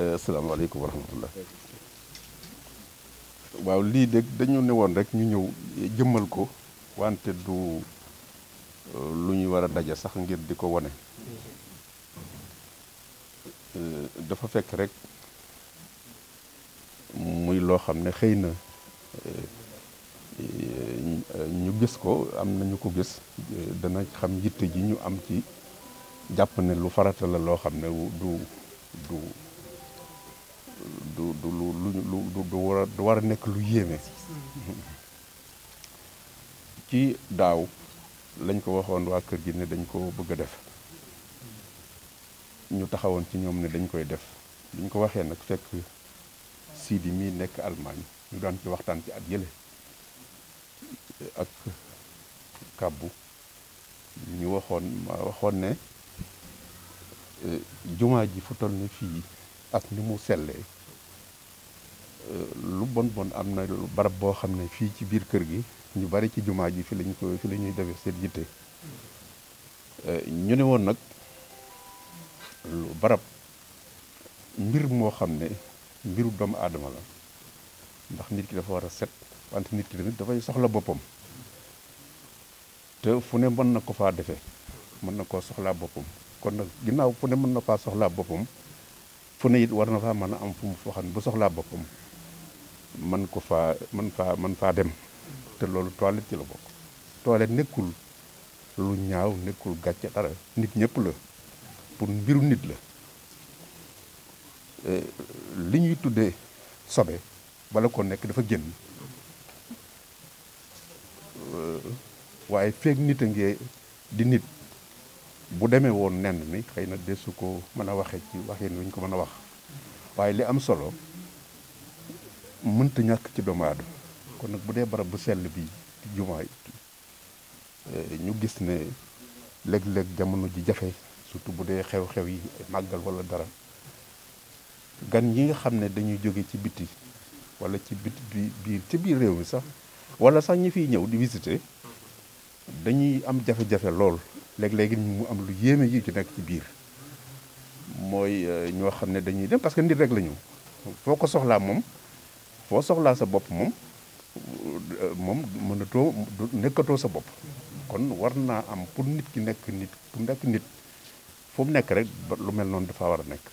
Euh, asalaamaaleykum wa rahmatullah waaw lii de dañu ne woon rek ñu ñëw jëmal ko wante du euh, lu ñuy war a daje sax ngir di ko wane euh, dafa fekk rek muy loo xam ne xëy na ñu gis ko am nañu ko gis dana xam yitte ji ñu am ci jàpp ne lu faratala loo xam ne du du du du lu du war a nekk lu yéeme ci daaw lañ ko waxoon waa kër gi ne dañ ko bëgg def ñu taxawoon ci ñoom ne dañ koy def buñ ko waxee nag fekk Sidi mi nekk Allemagne ñu daan ci waxtaan ci at yële ak kàbbu ñu waxoon ma waxoon ne eh, jumaa ji fu toll ne fii ak ni mu sellee Euh, lu bon bon am na barab boo xam ne fii ci biir kër gi ñu bari ci jumaa ji fi lañ ko fi la ñuy defee seen yitte euh, ñu ne woon nag lu barab mbir moo xam ne mbiru doomu aadama la ndax nit ki dafa war a set wante nit ki tamit dafay soxla boppam te fu ne mën na ko faa defe mën na koo soxlaa boppam kon nag ginnaaw fu ne mën na faa soxlaa boppam fu ne it war na faa mën a am fu mu foo xam ne bu soxlaa boppam man ko faa man faa man faa dem te loolu toilette ci la bokk toilette nekkul lu ñaaw nekkul gàcce dara nit ñëpp la pour mbiru nit la euh, li ñuy tuddee sobe bala ko nekk dafa génn euh, waaye feeg nit a ngee di nit bu demee woon nenn ni xëy na desu ko mën a waxee ci waxin wi ñu ko mën a wax waaye li am solo mënta ñàkk ci doomu aadama kon nag bu dee barab bu sell bi di jumaa eh, ñu gis ne léeg-léeg jamono ji jafe surtout bu dee xew-xew yi màggal wala dara gan ñi nga xam ne dañuy jóge ci biti wala ci biti bi biir ci biir réew mi sax wala sax ñi fiy ñëw di dañuy am jafe-jafe lool léeg-léegi mu am lu yéeme yi ci nekk ci biir mooy eh, ñoo xam ne dañuy dem parce que nit rek la ñu foo ko soxlaa moom boo soxlaa sa bopp moom moom mënatoo nekkatoo sa bopp kon war naa am pour nit ki nekk nit ku nekk nit fu nekk rek lu mel noonu dafa war a nekk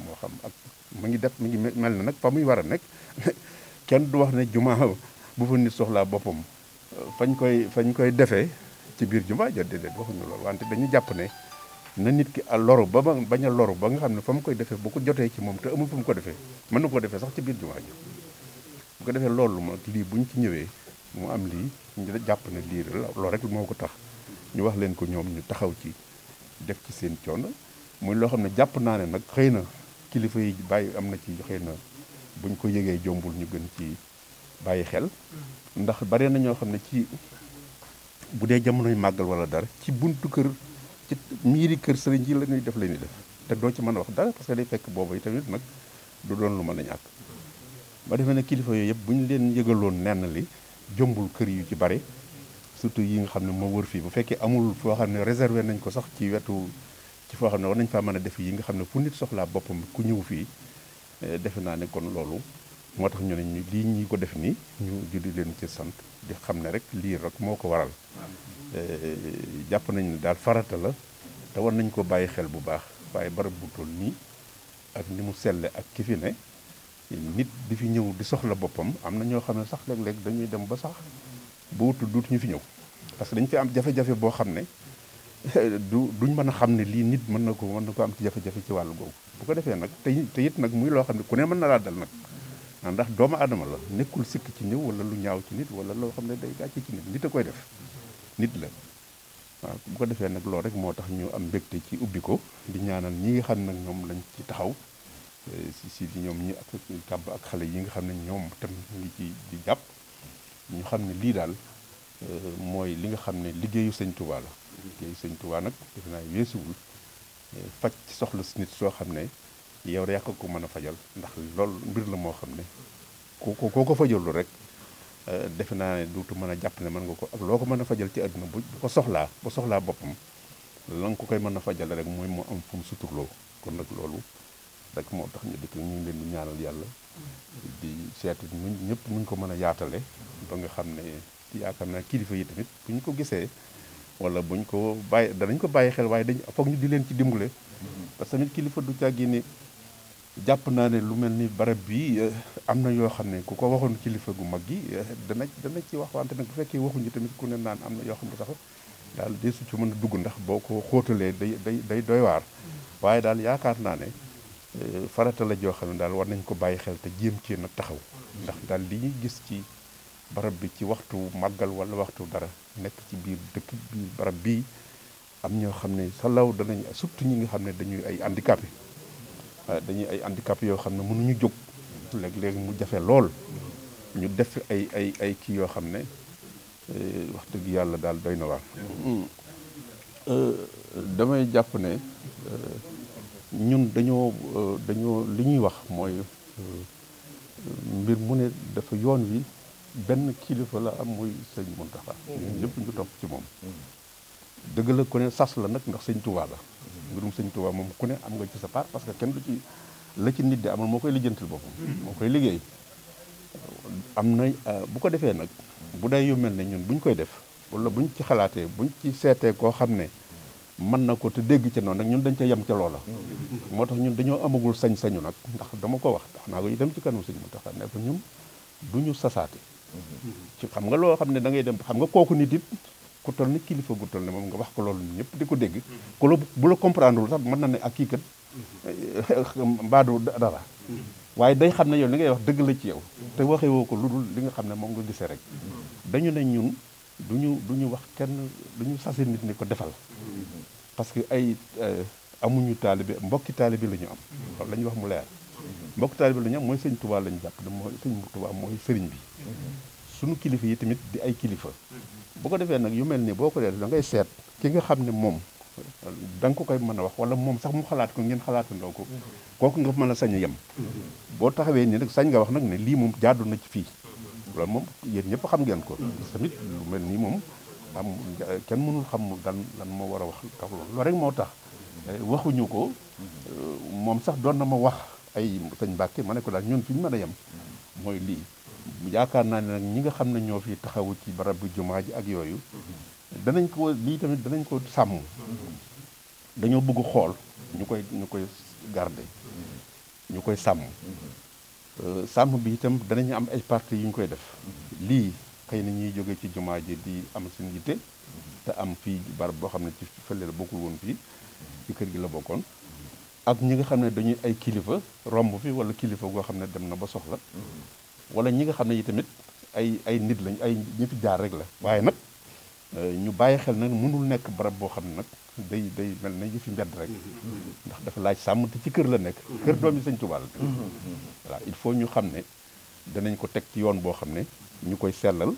moo xam ak mu ngi def mu ngi mel ne nag fa muy war a nekk kenn du wax ne juma bu fa nit soxlaa boppam fañ koy fañ koy defee ci biir juma ja déedéet waxuñu loolu wante dañu jàpp ne na nit ki a loru ba bañ a loru ba nga xam ne fa mu koy defee bu ko jotee ci moom te amul fu mu ko defee mën na koo defee sax ci biir juma ji bu ko defee loolu moom lii buñ ci ñëwee mu am lii ñu jàpp ne lii loolu rek moo ko tax ñu wax leen ko ñoom ñu taxaw ci def ci seen coono muy loo xam ne jàpp naa ne nag xëy na kilifa yi bàyyi am na ci xëy na buñ ko yëgee jombul ñu gën ci bàyyi xel ndax bare na ñoo xam ne ci bu dee jamonoy màggal wala dara ci buntu kër ci miiri kër sëriñ ji la ñuy def la ñuy def te doo ci mën a wax dara parce que day fekk boobu itamit nag du doon lu mën a ñàkk ma defee ne kilifa yooyu yëpp bu ñu leen yëgaloon nenn li jombul kër yu ci bari surtout yi nga xam ne moo wër fii bu fekkee amul foo xam ne réservé nañ ko sax ci wetu ci foo xam ne war nañ faa mën a def yi nga xam ne fu nit soxlaa boppam ku ñëw fii eh, defe naa ne kon loolu moo tax ñu ne ñu lii ñi ko def nii ñu julli leen ci sant di xam ne rek lii rek moo ko waral eh, jàpp nañ ne daal farata la te war nañ ko bàyyi xel bu baax waaye barab bu toll nii ak ni mu selle ak ki fi ne nit di fi ñëw di soxla boppam am na ñoo xam ne sax léeg-léeg dañuy dem ba sax ba wutul dootuñu fi ñëw parce que dañu fi am jafe-jafe boo xam ne du duñ mën a xam ne lii nit mën na ko mën na ko am ci jafe-jafe ci wàllu googu bu ko defee nag te te it nag muy loo xam ne ku ne mën na laa dal nag ndax doomu aadama la nekkul sikk ci ñëw wala lu ñaaw ci nit wala loo xam ne day gàcce ci nit nit a koy def nit la waaw bu ko defee nag loolu rek moo tax ñu am mbégte ci ubbi ko di ñaanal ñi nga xam nag ñoom lañ ci taxaw si si di ñoom ñi ak kàbb ak xale yi nga xam ne ñoom tam ñu ngi ci di jàpp ñu xam ne lii daal euh, mooy li nga xam ne liggéeyu sëñ Touba la liggéeyu sëñ Touba nag defe naa weesuwul euh, faj soxla si nit soo xam ne yow rek ko mën a fajal ndax loolu mbir la moo xam ne ku ko ko fajalul rek euh, defe naa ne duutu mën a jàpp ne mën nga ko ak loo ko mën a fajal ci àdduna bu ko soxlaa bu soxlaa boppam la nga ko koy mën a fajal rek mooy moo am fu suturloo kon nag loolu rek moo tax ñu dëkk ñu leen di ñaanal yàlla di seeti nuñ ñëpp nuñ ko mën a yaatale ba nga xam ne yaakaar naa kilifa yi tamit bu ñu ko gisee wala buñ ko bàyyi danañ ko bàyyi xel waaye dañ foog ñu di leen ci dimbale parce que kilifa du càggi ni jàpp naa ne lu mel ni barab bi eh, am na yoo xam ne ku ko waxoon kilifa gu mag gi eh, dana dana ci wax wante nag bu fekkee waxuñu tamit ku ne naan am na yoo xam ne sax daal deesu ci mën a dugg ndax boo ko xóotalee day day day doy waar mm-hmm. waaye daal yaakaar naa ne Euh, farata joo xam ne daal war nañ ko bàyyi xel te jéem cee nag taxaw ndax daal li ñuy gis ci barab bi ci waxtu màggal walla waxtu dara nekk ci biir dëkk biir barab bii am ñoo xam ne salaw danañ sut ñi nga xam ne dañuy ay handicapé dañuy ay handicapé yoo xam ne mënuñu jóg léeg-léeg mu jafe lool ñu def ay ay ay kii yoo xam ne euh, wax dëgg yàlla daal doy na waar euh, damay jàpp ne ñun dañoo euh, dañoo li ñuy wax mooy euh, mbir mu ne dafa yoon wi benn kilifa la am muy sëñ Muntaxa ñun ñëpp ñu topp ci moom dëgg la ko ne sas la nag ndax sëñ Tuubaa la mbirum sëñ Tuubaa moom ku ne am nga ci sa part parce que kenn du ci la ci nit di amal moo koy lijjanti lijjantil boppam moo koy liggéey am na euh, bu ko defee nag bu day yu mel ne ñun buñ koy def wala buñ ci xalaatee buñ ci seetee koo xam ne mën na ko te dégg ca noonu nag ñun dañ ca yem ca loola moo tax ñun dañoo amagul sañ-sañu nag ndax dama ko wax tax naa ko itam ci kanam sëñ mu tax ne ko ñun du ñu sasaate ci xam nga loo xam ne da ngay dem xam nga kooku nit it ku toll ni kilifa gu toll ne moom nga wax ko loolu ñëpp di ko dégg ku la bu la comprendre sax mën na ne ak kii kat mbaadu dara waaye day xam ne yow li ngay wax dëgg la ci yow te waxee woo ko lu dul li nga xam ne moom nga gisee rek dañu ne ñun du ñu du ñu wax kenn du ñu sase nit ni ko defal parce que ay euh, amuñu taalibe mbokki taalibe la ñu am la ñuy wax mu leer mbokki taalibe la ñu am mooy sëñ Tuubaa la ñu jàpp ne mooy sëñ Tuubaa mooy sëriñ bi suñu kilifa yi tamit di ay kilifa boo ko defee nag yu mel nii boo ko dee da ngay seet ki nga xam ne moom da koy mën a wax wala moom sax mu xalaat ko ngeen xalaatandoo ko kooku nga mën a sañ a yem boo taxawee nii nag sañ nga wax nag ne lii moom jaadu na ci fii loolu moom yéen ñëpp xam ngeen ko. tamit lu mel nii moom am kenn mënul xam lan lan moo war a wax tax loolu rek moo tax. Eh, waxuñu ko euh, moom sax doon na ma wax ay sëñ Mbàkke ma ne ko daal ñun fi ñu mën a yem mooy lii. yaakaar naa ne nag ñi nga xam ne ñoo fi taxawu ci barab bu jumaa ji ak yooyu danañ ko lii tamit danañ ko sàmm dañoo bëgg xool ñu koy ñu koy garder ñu koy sàmm Euh, sàmm bi itam danañu am ay parti yu ñu koy def lii xëy na ñuy jóge ci jumaa ji di am seen yitte te am fii barab boo xam ne ci fële la bokkul woon fii ci kër gi la bokkoon ak ñi nga xam ne dañuy ay kilifa romb fi wala kilifa goo xam ne dem na ba soxla wala ñi nga xam ne yi tamit ay ay nit lañ ay ñi fi jaar rek la waaye nag ñu bàyyi xel nag mënul nekk barab boo xam ne nag day day mel na yëfi mbedd rek ndax dafa laaj sàmm te ci kër la nekk kër doomi sëñ Tuubaa la voilà il faut ñu xam ne danañ ko teg ci yoon boo xam ne ñu koy sellal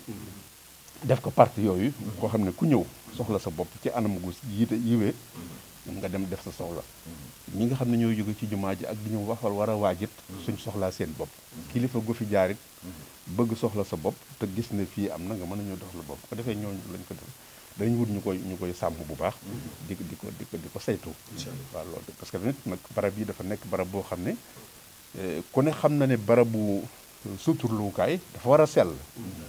def ko parti yooyu koo xam ne ku ñëw soxla sa bopp ci anam gu yiite yiwee nga dem def sa soxla ñi nga xam ne ñoo jóge ci jumaa ji ak di ñu waxal war a waajit suñ soxlaa seen bopp kilifa gu fi jaarit bëgg soxla sa bopp te gis ne fii am na nga mën a ñëw la bopp ko defee ñooñu lañ ko def dañu wut ñu koy ñu koy sàmm bu baax mm-hmm. di ko di ko di di ko saytu waaw loolu parce que tamit nag barab yi dafa nekk barab boo xam ne eh, ku ne xam na ne barabu euh, suturluwukaay dafa war a sell mm-hmm.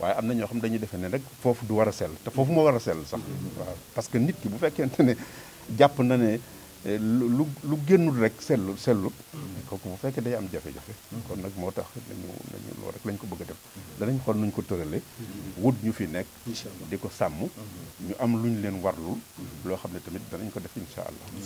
waaye am na ñoo xam dañuy defee ne rek foofu du war a sell te foofu ma war a sell sax mm-hmm. waaw parce que nit ki bu fekkente ne jàpp na ne Eh, lu lu génnul rek sellu sellu kooku bu fekkee day am jafe-jafe kon nag moo tax nañu nañu loolu rek lañ ko bëgg a def danañ xool nuñ ko tëralee wut ñu fi nekk di ko sàmm mhm. ñu am luñ leen warlul loo xam ne tamit danañ ko def incha allah